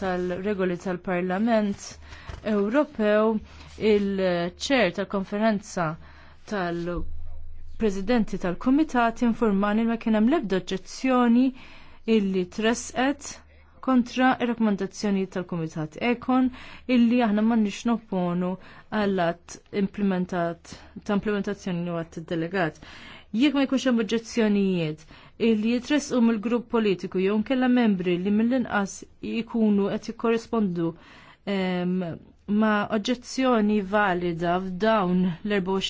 tal-regoli tal-Parlament Ewropew il-ċer tal-konferenza tal-Presidenti tal-Kumitat informani ma kien hemm l-ebda oġġezzjoni illi tresqet kontra r rakkomandazzjoni tal-Kumitat Ekon illi aħna ma nix nopponu għallat implementat ta' implementazzjoni u għat delegat Jekk ma jkunx hemm oġġezzjonijiet, illi jitresqu mill-grupp politiku jew kella membri li mill-inqas ikunu qed jikkorrispondu ma' oġġezzjoni valida f'dawn l-24